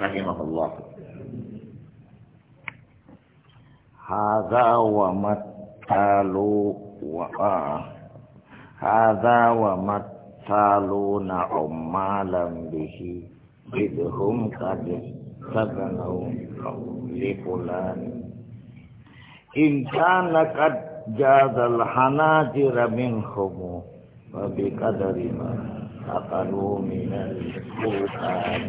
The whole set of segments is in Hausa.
رحمه الله هذا ومثالوا وآه هذا ومثالون عمالا به إذ هم قد استغنوا لفلان إن كان قد جاز الحناجر منهم وبقدر ما أقلوا من الفلان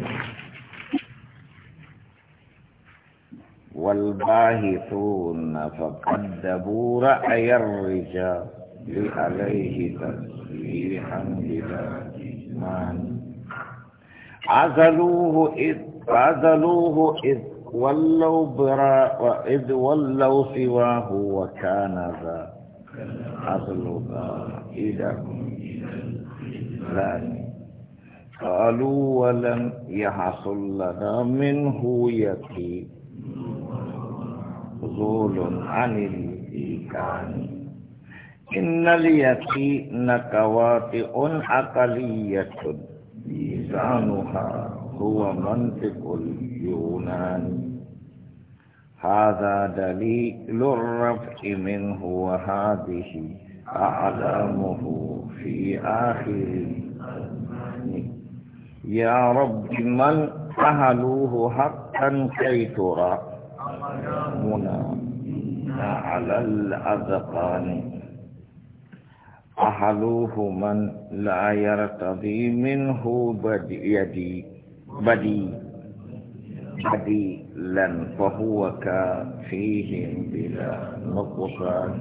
والباهثون فقد دبوا رأي الرجال عليه تسبيحا بلا إيمان عزلوه إذ عزلوه إذ ولوا برا وإذ ولوا سواه وكان ذا عزل قائدهم إلى الإسلام قالوا ولم يحصل لنا منه يقين نزول عن الإيكان إن اليقين كواطئ عقلية ميزانها هو منطق اليونان هذا دليل الرفع منه وهذه أعلامه في آخر يا رب من أهلوه حقا كي ترى منى على الأذقان أحلوه من لا يرتضي منه بدي يدي بدي بديلا فهو كافيهم بلا نقصان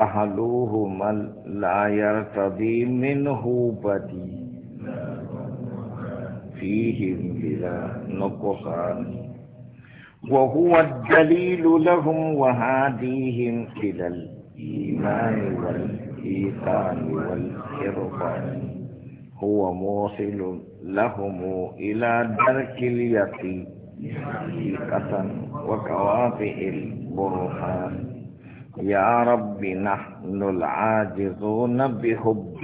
أهلوه من لا يرتضي منه بدي فيهم بلا نقصان وهو الدليل لهم وهاديهم إلى الإيمان والإيثان والإرفان هو موصل لهم إلى درك اليقين حقيقة وكوافئ البرهان يا رب نحن العاجزون بحبهم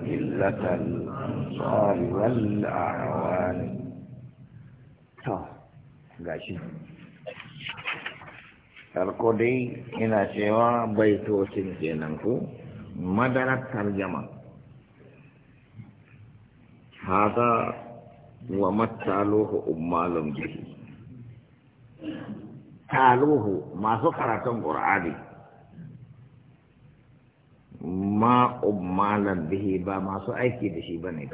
قلة الأنصار والأعوان shi farko dai ina cewa bai baitocin kenan ku madarar tarjama haka wa mataluhu umarun jihi taluhu masu karatun ƙur'ani ma umarun bihi ba masu aiki da shi ba ne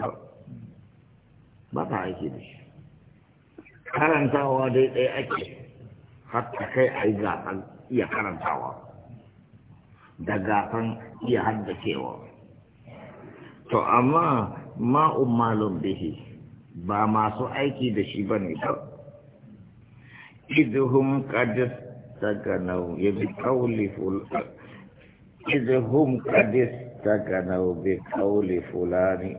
ba ta aiki da shi karantawa dai ɗaya ake hatta kai a yi gasan iya karantawa da gasar iya haddacewa to amma ma'un malon bihi ba masu aiki da shi ba ne ba izuhum kadis taganau ya bi kauli izuhum kadis taganau bi kauli fulani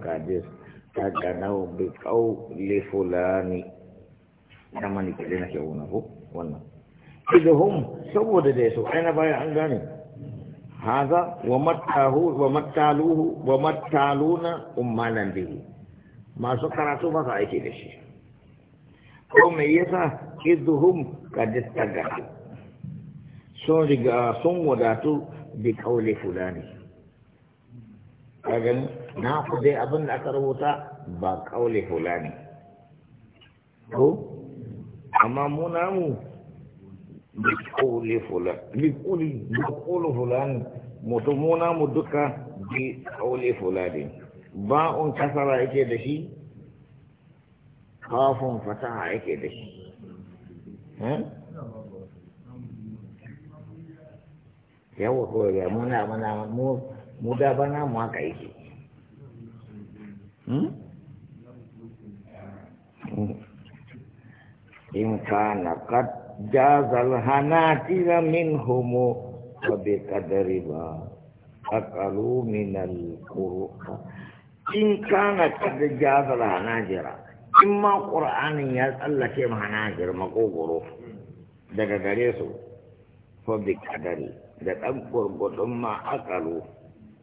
kadis eh, taganaw saboda da su ana bayan an gane hada masu karatu ba sa aiki ko me yasa idhum kad wadatu bi na ku dai abin da aka rubuta ba kaule hula ne ko amma mu namu bi kaule hula bi kuli bi kaule hula ne mutum mu namu duka bi kaule hula ne ba ba'un kasara yake da shi kafin fataha yake da shi eh? yawa kawai muna muna mu da bana mu haka yake Hmm? in kana kad jazal hanati wa min humu wa bi kadri ba akalu min al qur'an in kana kad jazal hanajira imma qur'an ya Allah ke mahanajir maqoguro daga gare su fa bi kadri da dan gurgudun ma akalu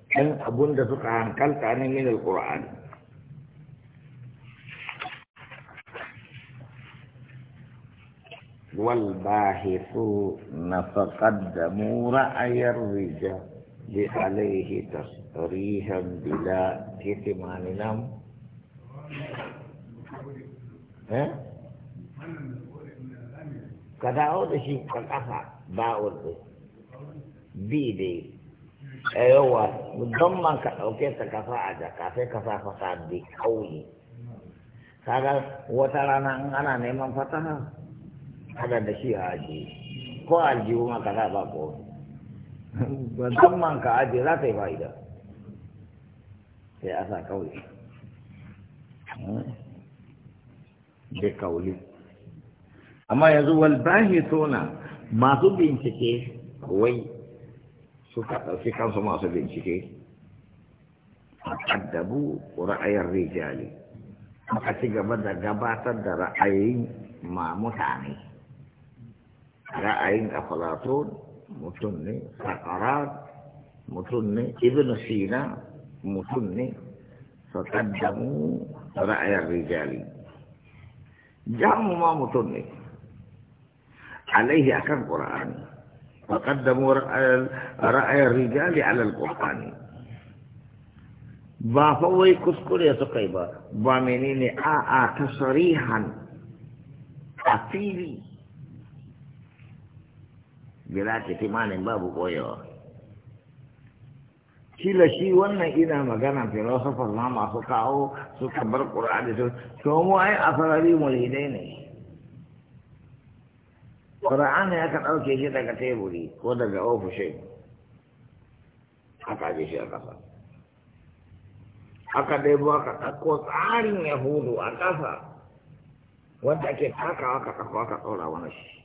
kan abunda suka hankalta ne min al والباحثون فقدموا رأي الرجال عليه تصريحا بلا كتمان لهم kada a da shi a ƙasa ba urdu bi dai a yawa don man ka ɗauke ta kasa a jaka sai ka sa fasa bi kauli kaga wata rana in ana neman fasaha ana da shi a ajiye ko aljihu ma ka ba ko man ka ajiye za ta yi fa'ida sai a sa kawai hmm. da kauli amma yanzu wal tona masu bincike wai suka ɗauki kansu masu bincike addabu ra'ayar rijali aka ci gaba da gabatar da ra'ayin ma mutane رأين أفلاطون متن سقراط متن ابن سينا متن فقدموا رأي الرجال جاءوا ما متن عليه أكل قرآن فقدموا رأي الرجال على القرآن با فوي كسكول يا سقيبا با منيني آآ تصريحا أفيلي bila kitimanin babu koyawa kila shi wannan ina magana filosofar ma masu kawo suka bar ƙura'ani su to mu ai a farari mulhidai ne ƙura'ani aka ɗauke shi daga teburi ko daga ofishin aka aje shi a ƙasa aka ɗebo aka ɗauko tsarin yahudu a ƙasa wanda ake takawa ka kafa ka ɗora wani shi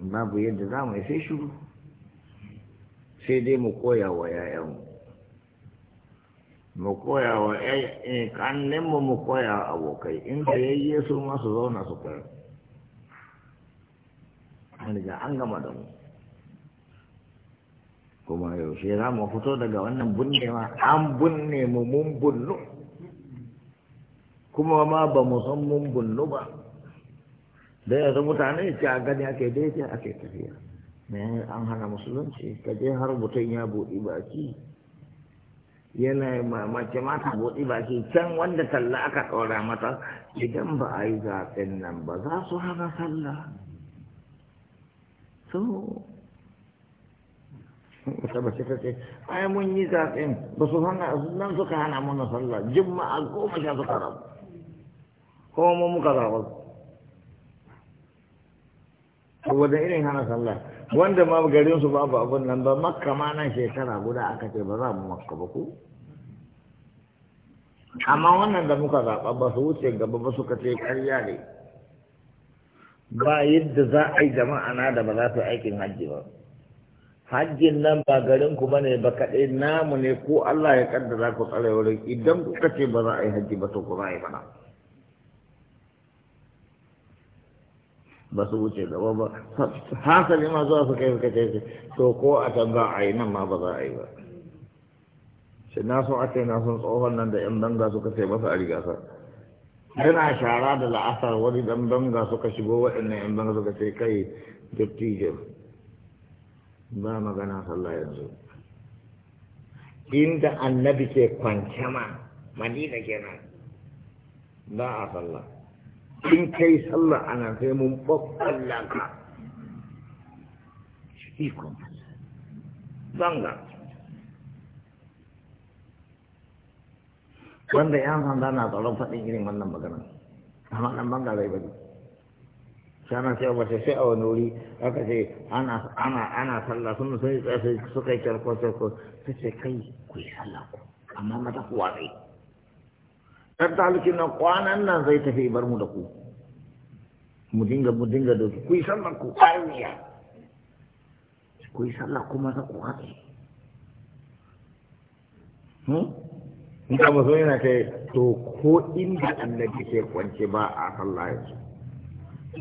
babu yadda za mu sai shuru sai dai mu koya wa yayanmu mu koya wa kannenmu eh, mu koya wa abokai inda yayye su masu zauna su koya an ga an gama da mu kuma yaushe za mu fito daga wannan bunne ma an bunne mu mun bunnu kuma ma ba mu san mun bunnu ba da yanzu mutane ce a gani ake daidai ake tafiya ne an hana musulunci ka je har mutum ya buɗi baki yana mace mata buɗi baki can wanda talla aka ɗora mata idan ba a yi zaɓen nan ba za su hana sallah so wata ta ce ai mun yi zaɓen ba su hana nan suka hana mana sallah juma'a goma sha suka rabu ko mu muka zaɓa wanda irin hana sallah wanda ma garin su babu abin nan ba makka ma nan shekara guda aka ce ba za mu makka ba ku amma wannan da muka zaɓa ba su wuce gaba ba suka ce karya ne ba yadda za a yi jama'a na da ba za su aikin hajji ba hajjin nan ba garin ku bane ba kaɗai namu ne ko Allah ya kaddara ku tsare wurin idan kuka ce ba za a yi hajji ba to ku za a yi na. ba su wuce gaba ba hasali ma zuwa su kai ka ce to ko a ba a yi nan ma ba za a yi ba shi na so ake na son tsohon nan da yan banga suka ce masa a rigasa yana shara da la'asar wani dan banga suka shigo waɗannan yan banga suka ce kai dattijo ba magana sallah yanzu inda annabi ke kwance ma madina kenan ba a sallah in kai sallah ana kai mun babban laka ikon banga wanda yan sanda na tsoron faɗin irin wannan maganar amma ɗan banga zai bari sana sai ba sai a wani wuri aka ce ana ana sallah sun sun suka yi kyarko kyarko sai kai ku yi sallah ku amma mata ku watsai tattalukin nan kwanan nan zai tafi bar mu da ku mu dinga mu dinga da ku yi sallar ku ƙarniya ku yi sallar kuma za ku haɗe hmm? in ka mazo yana kai to ko inda annabi ke kwance ba a sallah yanzu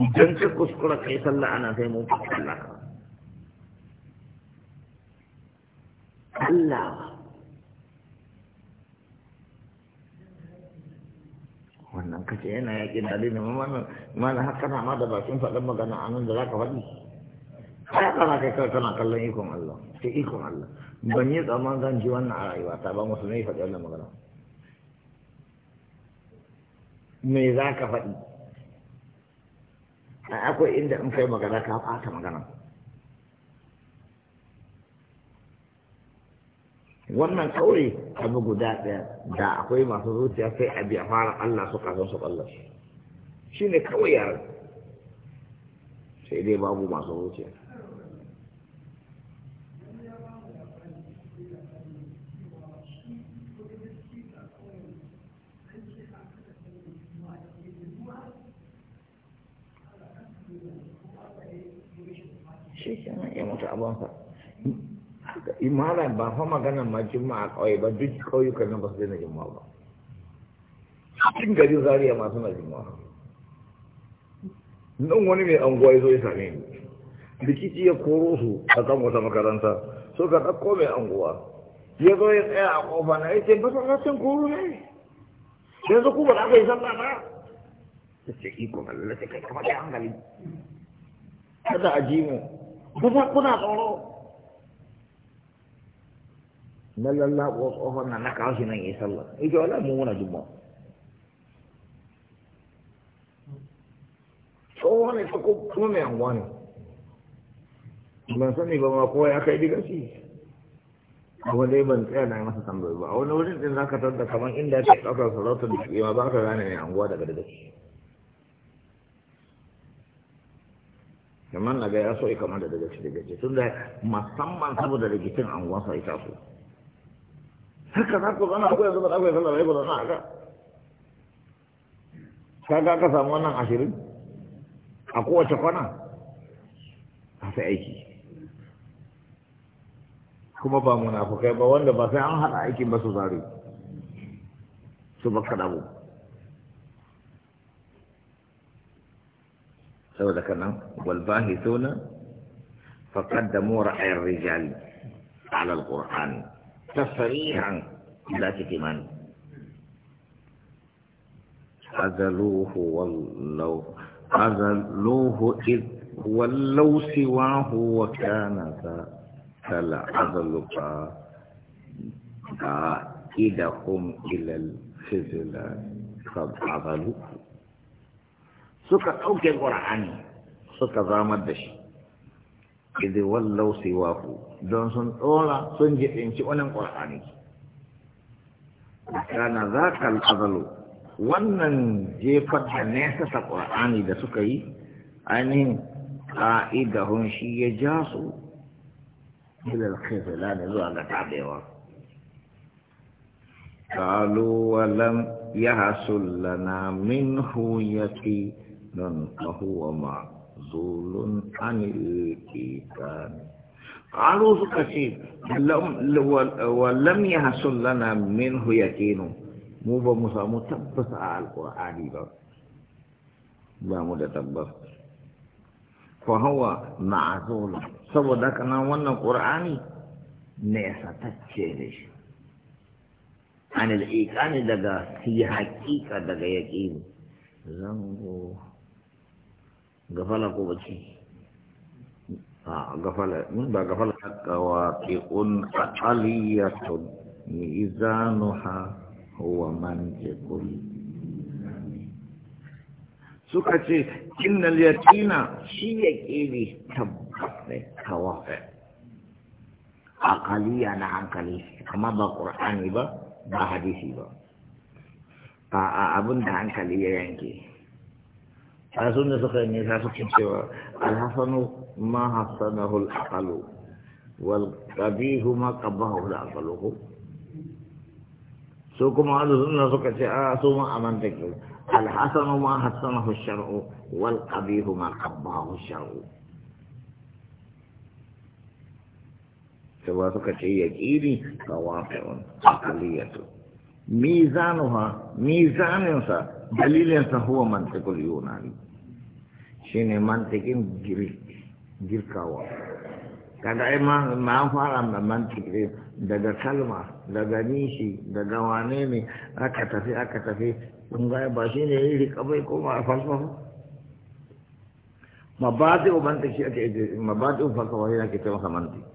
idan ka kuskura kai sallah ana sai mun fi sallah Allah kace yana yaƙi da addini mana mana haka na ma da sun faɗin magana anan da zaka faɗi kai kana kai kai kana kallon ikon Allah sai ikon Allah ban yi tsaman zan ji wannan a rayuwa ta ba musulmi faɗi wannan magana me zaka faɗi akwai inda in kai magana ka ɓata magana wannan kawai abu guda ɗaya da akwai masu zuciya sai a biya fara Allah su kafin su ƙwallon shi ne kawai yaran sai dai babu masu zuciya malam ba fa magana ma juma'a kawai ba duk kauyukan nan ba su daina juma'a ba cikin gari zariya ma suna juma'a nan wani mai anguwa ya zo ya same ni rikici ya koro su a kan wata makaranta so ka ɗauko mai anguwa ya zo ya tsaya a kofa, na ya ce ba masallacin koro ne yanzu zo kuma za ka yi sallah ba ta ce iko Allah ta kai kamar da hankali kada a ji mu ba kuna tsoro na lallaɓo tsohon na na kawo shi nan yi sallah ita wala mu muna juma'a tsohon ne ta kuma mai anguwa ne ban sani ba ma kowa ya kai diga shi abu dai ban tsaya na masa tambayi ba a wani wurin din ka tadda kamar inda ake ɗaukar sarautar da ma ba ka gane mai anguwa daga daga shi kamar na ga ya so kamar da daga shi daga shi tun da musamman saboda rikicin anguwansa ya taso haka za ku zana akwai zuba akwai sallah bai ku zana haka ga ka samu wannan ashirin a kowace kwana a sai aiki kuma ba munafukai ba wanda ba sai an haɗa aikin ba su zare su ba baka damu saboda kanan walbahi suna faƙaddamu ra'ayar rijali alal qur'ani تصريحا لا كتمان أذلوه واللو أذلوه إذ ولو سواه وكان ذا فلعذلك قائدهم إلى الخزلان فعذلوه سكت أوكي القرآن سكت ضامت بشي idh wallaw siwahu don sun tsora sun ci wannan qur'ani kana zaka al-azalu wannan jefar da nesa ta qur'ani da suka yi ainihin ka'idahun shi ya ja su ila al-khizlan zuwa ga tabewa قالوا ولم يحصل لنا منه يقين فهو ma. زول عن الإيتام عروض كثير ولم يحصل لنا منه يكين مو بمسامو تبس على القرآن ba mu da tabbas fa hawa ma'zul saboda kana wannan qur'ani ne satacce ne shi an al daga fi haqiqa daga yaqini zango gafala ko bacci a gafala mun ba gafala kawa tiqun aliyatun mizanuha huwa mantiqul suka ce innal yatina shi yaqili tabbas ne kawafa aqaliya na hankali amma ba qur'ani ba ba hadisi ba a abin da hankali ya yanke حسن سخيني حسن سوى الحسن ما حسنه العقل والقبيه ما قبه العقل سوكو ما حسن سخيني سوما أمن تكلم الحسن ما حسنه الشرع والقبيه ما قبه الشرع سوى سخيني يجيني فواقع عقلية ميزانها ميزان دليل هو منطق اليوناني shine mantikin kawa kada eh, ai maaf an fara da mantiki daga salma daga nisi daga wane ne aka tafi aka tafi kun ga eh, ba shi ne yi rika bai koma a falsafa mabadi o mantiki ake eh, mabadi o falsafa yana ke taimaka mantiki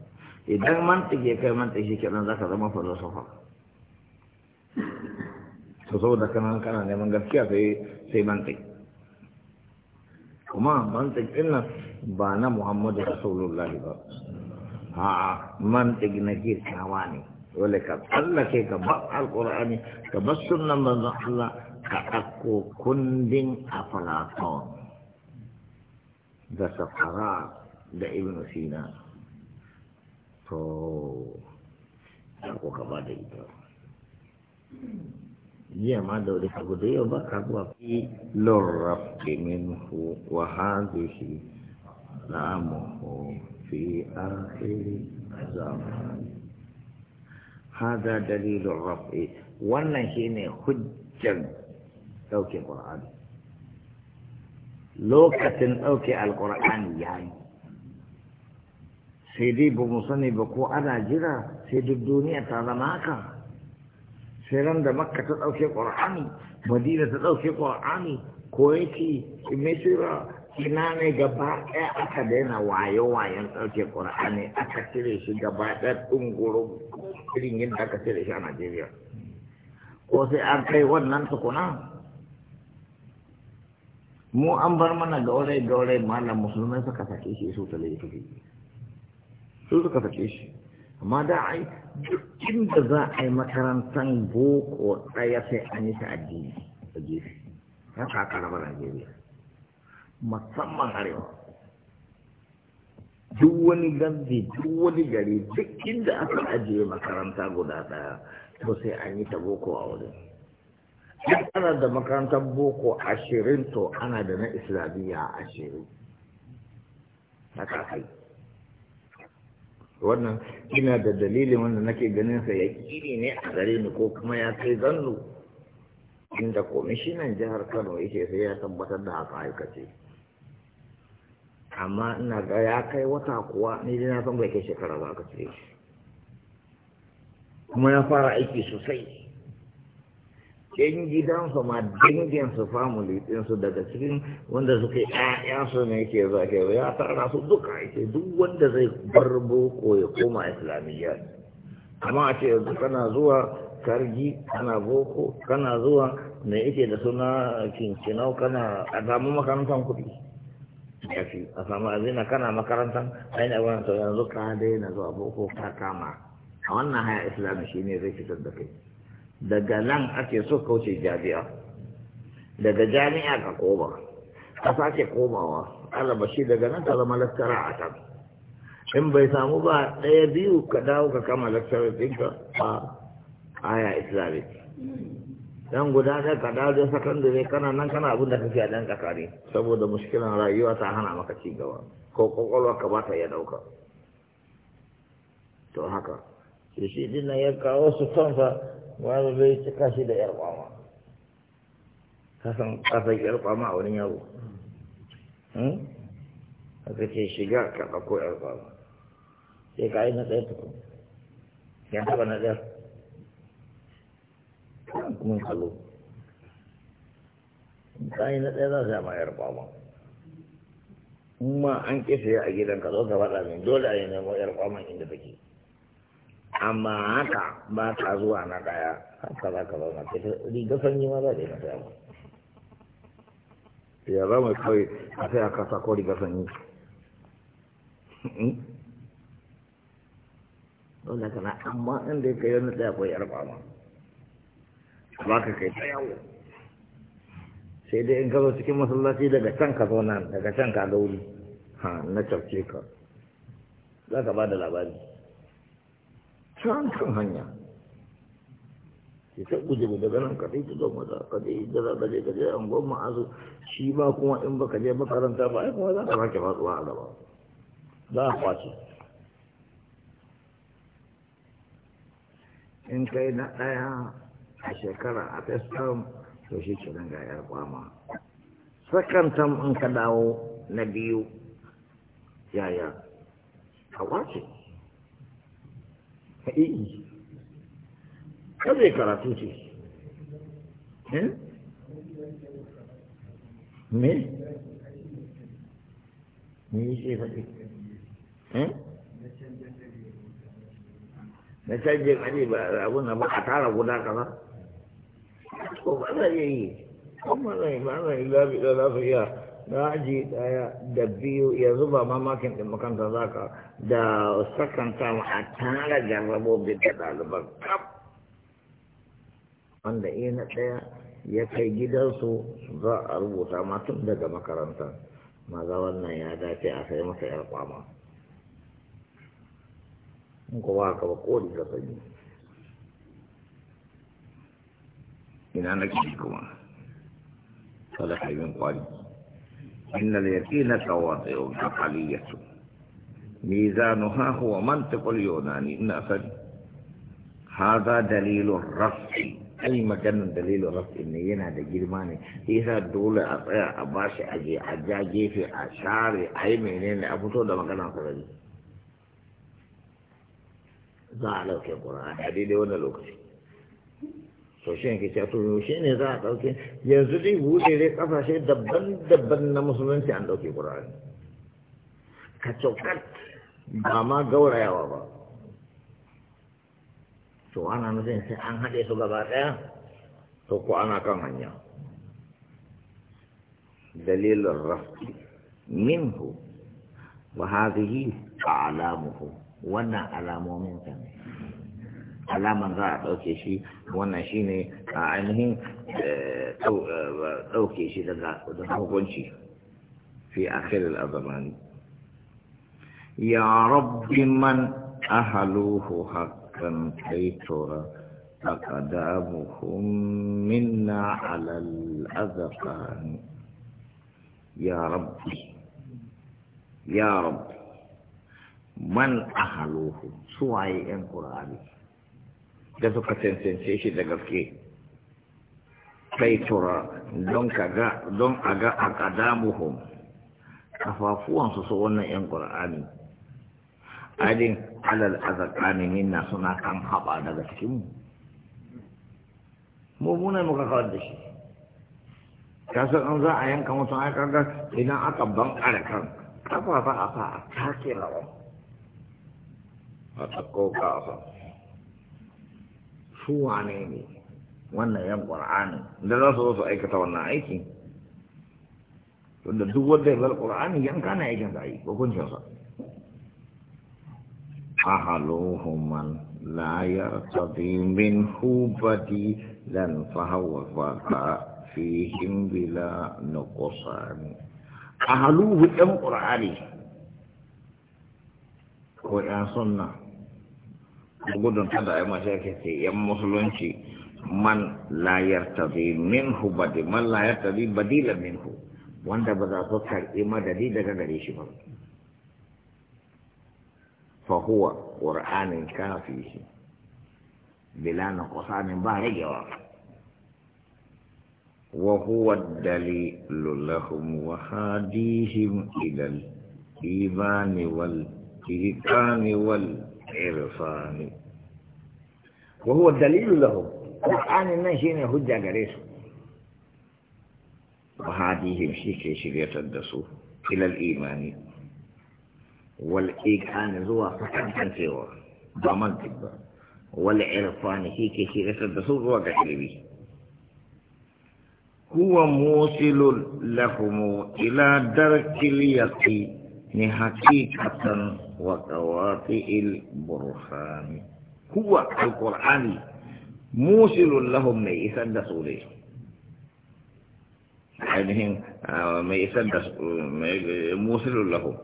idan mantiki ya kai mantiki kenan zaka zama so to saboda kana kana neman gaskiya sai sai mantiki kuma mantik ɗin ba na muhammadu rasulullahi ba a mantik na kirkawa ne dole ka tsallake ka ba alƙur'ani ka ba sunan manzon Allah ka ɗauko kundin aflaton da safara da ibn sina to ko ka ba da ita jiya ma da wuri abu da yau ba ka zuwa fi lorrafi minhu wa hadhihi lamuhu fi akhiri zaman hada dalilun rafi wannan shine hujjan dauke qur'ani lokacin dauke alqur'ani yayi sai dai ba mu sani ba ko ana jira sai duk duniya ta zama haka sai ran da makka ta ɗauke ƙur'ani madina ta ɗauke ƙur'ani ko yake misira ina ne gaba ɗaya aka daina wayo-wayon ɗauke ƙur'ani aka cire shi gaba ɗaya ɗungurun irin yadda aka cire shi a najeriya ko sai an kai wannan tukuna mu an bar mana gaure-gaure malam musulmai suka sake shi su tale su suka sake shi amma da yi duk da za a yi makarantar boko ɗaya sai an yi ta addini a gefe haka aka raba Najeriya musamman arewa duk wani gandu duk wani gari duk inda aka ajiye makaranta guda ɗaya to sai an yi ta boko a wurin duk ana da makarantar boko ashirin to ana da na islamiyya ashirin na kai wannan ina da dalilin wanda nake ganin sa ya kiri ne a gare ni ko kuma ya kai zannu inda komishinan jihar kano yake sai ya tabbatar da haka aikace amma ina ga ya kai wata kuwa ni dai na san bai kai shekara ba ka ce kuma ya fara aiki sosai yan gidansu ma su family su daga cikin wanda suke ƴaƴa su ne ke zuwa ke ya tara su duka yake duk wanda zai bar boko ya koma islamiyya amma a ce yanzu kana zuwa kargi kana boko kana zuwa me yake da suna kinkinau kana a samu makarantar kuɗi ya fi a samu azina kana makarantar ainihin abin yanzu ka daina zuwa boko ka kama a wannan haya islami shi ne zai fitar da kai daga nan ake so kauce jami'a daga jami'a ka koma ka sake komawa alaba shi daga nan ka zama laskara a kan in bai samu ba ɗaya biyu ka dawo ka kama laskarar ɗinka a aya islamic dan guda ɗaya ka dawo da sakandare kana nan kana abin da kake a ɗan ƙasari saboda mushkilan rayuwa ta hana maka cigaba. ko ƙwaƙwalwa ka ba ta iya ɗauka to haka shi shi ya kawo su kansa wani zai cika shi da yar kwama kasan kasan yar kwama a wani yaro haka hmm? kace shiga ka ɗauko yar kwama sai ka yi na tsaye tuku ya taɓa na ɗaya kuma kalo ka yi na ɗaya za su yama yar kwama in ma an kifiya a a ka zo ka faɗa min dole a yi nemo yar kwama inda take amma haka ba ta zuwa na daya haka za ka zauna ta riga sanyi ma za ta yi na saya ya zama kawai a sai aka ko riga sanyi hmm? dole na amma inda ya kai wani daya kwai yar ma ba ka kai ta yawo sai dai in ka zo cikin masallaci daga can ka zo nan daga can ka ga wuri ha na cafke ka za ka ba da labari can kan hanya sai guje mu daga nan kaɗai ta zama da kaɗai da za ka je ka je an gwamma shi ba kuma in baka je makaranta ba ai kuma za ka sake fatsuwa a gaba za a kwace in kai na ɗaya a shekara a festam to shi ke nan ga yar kwama sakantan in ka dawo na biyu yaya a kwace ka zai karatu ce eh? me me yi ce faɗi eh? na canjin aji ba abin da ba a tara guda kaza ko ba zai yi kuma zai ba zai labi da za raji daya da biyu yanzu ba mamakin ɗin makanta za ka da sakanta mu a tara jarrabobin da ɗaliban kaf wanda iya na ɗaya ya kai gidansu za a rubuta ma daga makaranta maza wannan ya dace a kai masa yar kwama in ko ka ba ko da sani ina nake kuma kada ka yi min kwari إن اليقين تواطئ عقلية ميزانها هو منطق اليوناني نافذ هذا دليل الرفع أي مكان دليل الرفع إن ينادى جرماني إذا دولة أطيع أباش أجي أجاجي في أشاري أي منين أبوتو ده مكان أصدقائي za a ɗauke ƙura a daidai to shi ne ke to shi ne za a ɗauke yanzu dai buɗe dai ƙasashe daban-daban na musulunci an ɗauke ƙura'ani ka cokat ba ma gaurayawa ba to ana nufin sai an haɗe su gaba ɗaya to ko ana kan hanya dalilin rafi minhu wa hadhihi alamuhu wannan alamomin ka ne alaman za a ɗauke shi wannan shi ne a ainihin ɗauke shi daga hukunci fi a akhir al'azamani ya rabbi man ahaluhu hakan kai tora أقدامهم منا على الأذقان يا ربي يا رب من suwaye 'yan القرآن da suka cancance shi da gaske kai tura don kaga don a ga a kadamuhum kafafuwansu su wannan yan qur'ani adin alal azqani minna suna kan haɓa daga cikin mu mu ne muka kawar da shi kasan an za a yanka mutum ai kaga idan aka ban arkan kafafa a sa a take rawa a tsakko kafa. su wane ne wannan yan qur'ani da za su zo su aikata wannan aiki tunda duk wanda ya bar qur'ani yan kana aikin sa yi hukuncin sa ahaluhum man la yartadi minhu badilan fahawa faqa fihim bila nuqsan ahaluhu dan qur'ani ko ya sunna gudun kada ya mashi ake ce yan musulunci man layar tabi minhu badi man layar tabi badila minhu wanda ba za su karɓi madadi daga gare shi ba fahuwa ƙur'anin kafi bila na kusanin ba ragewa وهو الدليل لهم وهاديهم إلى الإيمان والإيمان والإيمان irfani wa huwa dalilu lahum qur'anin nan shine hujja gare su wa hadihim shi ke shiryatar da su ilal imani wal iqani zuwa fatantancewa ba mantik ba wal irfani shi ke shiryatar da su zuwa ga ilimi huwa musilun ila darkil yaqin حقيقة وقواطع البرهان هو القرآن موصل لهم ما يسدسوا ليه عينهم ما يسدس موصل لهم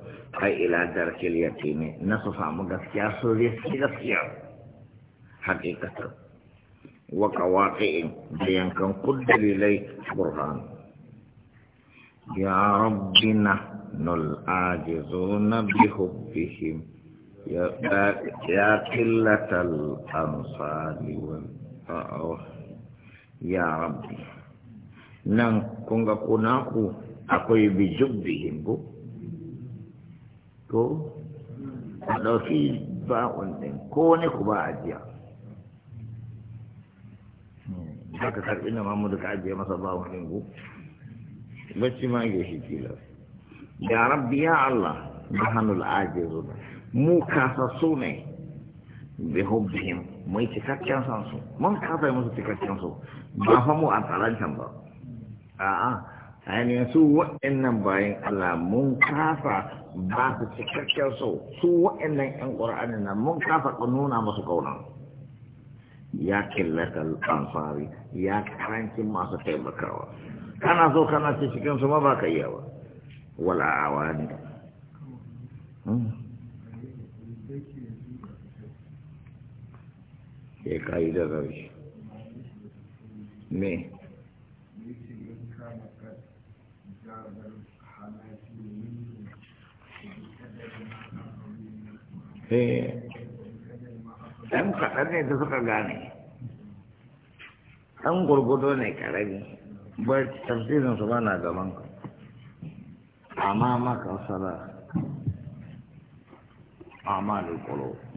أي إلى درك اليقين نصف مقفيا سوريا سيدفيا حقيقة وقواطع بينكم قدر إليه برهان يا ربنا نلعاجزون بحبهم يا قلة الأنصار يا ربي nan kun ga kunaku akwai bijubbihin bu to a ɗauki ba'un ɗin ko wani ku ba a jiya karɓi na mamu ka ajiye masa ba'un ɗin bu bacci ma ga kila ya rabbi ya Allah nahanul ajizun mu kasassu ne bi hubbihim mu yi cikakken san su mun kafa musu cikakken su ba fa mu a tsarancan ba a'a ainihin su waɗannan bayan Allah mun kafa ba su cikakken su su waɗannan ƴan ƙur'anin nan mun kafa nuna musu kauna ya killata al'amfari ya karancin masu taimakawa kana so kana cikin su ma ba ka iya ba wal ya hmm? kai da me ɗan kaɗan ne da suka gane ɗan gurgudo ne ƙarami ba tafsirin su ba na gaban ka أمامك صلاة أعمال القلوب